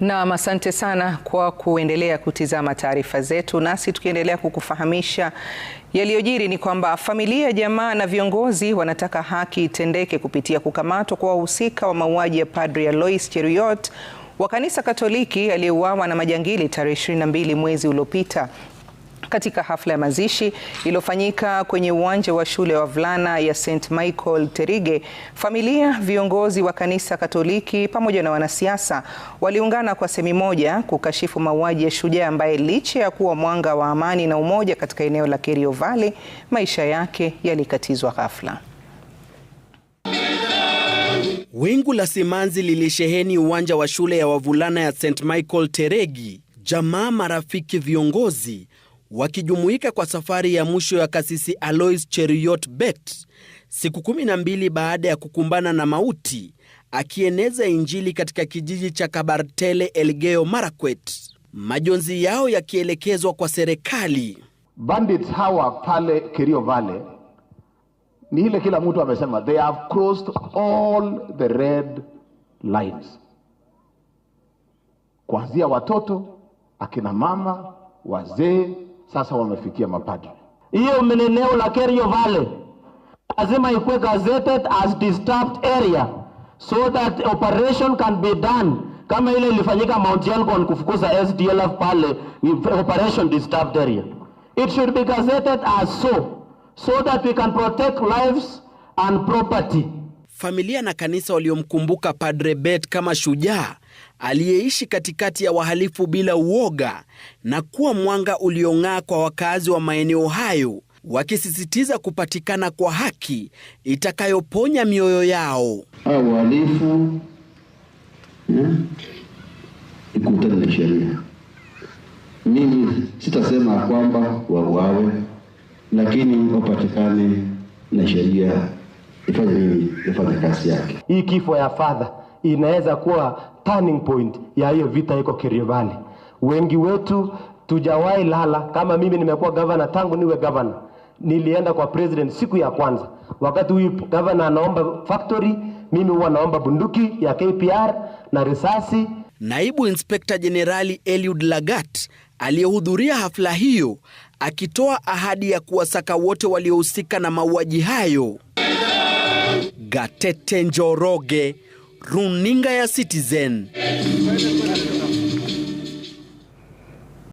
Naam, asante sana kwa kuendelea kutizama taarifa zetu, nasi tukiendelea kukufahamisha yaliyojiri ni kwamba familia, jamaa na viongozi wanataka haki itendeke kupitia kukamatwa kwa wahusika wa mauaji ya Padri Alois Cheruiyot wa Kanisa Katoliki aliyeuawa na majangili tarehe 22 mwezi uliopita katika hafla ya mazishi iliyofanyika kwenye uwanja wa shule ya wavulana ya St Michael Terige, familia, viongozi wa kanisa Katoliki pamoja na wanasiasa waliungana kwa semi moja kukashifu mauaji ya shujaa ambaye licha ya kuwa mwanga wa amani na umoja katika eneo la Kerio Valley, maisha yake yalikatizwa ghafla. Wingu la simanzi lilisheheni uwanja wa shule ya wavulana ya St Michael Teregi. Jamaa, marafiki, viongozi wakijumuika kwa safari ya mwisho ya kasisi Alois Cheriot Bet siku 12 baada ya kukumbana na mauti, akieneza Injili katika kijiji cha Kabartele Elgeyo Marakwet, majonzi yao yakielekezwa kwa serikali. Bandits hawa pale Kerio Valley ni ile kila mtu amesema they have crossed all the red lines, kuanzia watoto, akina mama, wazee sasa wamefikia mapadri. Hiyo eneo la Kerio Valley lazima ikuwe gazetted as disturbed area so that operation can be done kama ile ilifanyika Mount Elgon kufukuza SDLF pale, operation disturbed area. It should be gazetted as so so that we can protect lives and property familia na kanisa waliomkumbuka Padre Bet kama shujaa aliyeishi katikati ya wahalifu bila uoga na kuwa mwanga uliong'aa kwa wakazi wa maeneo hayo, wakisisitiza kupatikana kwa haki itakayoponya mioyo yao. Hao wahalifu eh, ikutane na sheria. Mimi sitasema kwamba wauawe, lakini wapatikane na sheria ifanye nini? Ifanye kazi yake. Hii kifo ya fadha inaweza kuwa turning point ya hiyo vita iko Kerio Valley. Wengi wetu tujawahi lala. Kama mimi nimekuwa gavana tangu niwe governor, nilienda kwa president siku ya kwanza. Wakati huyu governor anaomba factory, mimi huwa naomba bunduki ya KPR na risasi. Naibu Inspekta Jenerali Eliud Lagat aliyehudhuria hafla hiyo akitoa ahadi ya kuwasaka wote waliohusika na mauaji hayo. Gatete Njoroge, runinga ya Citizen.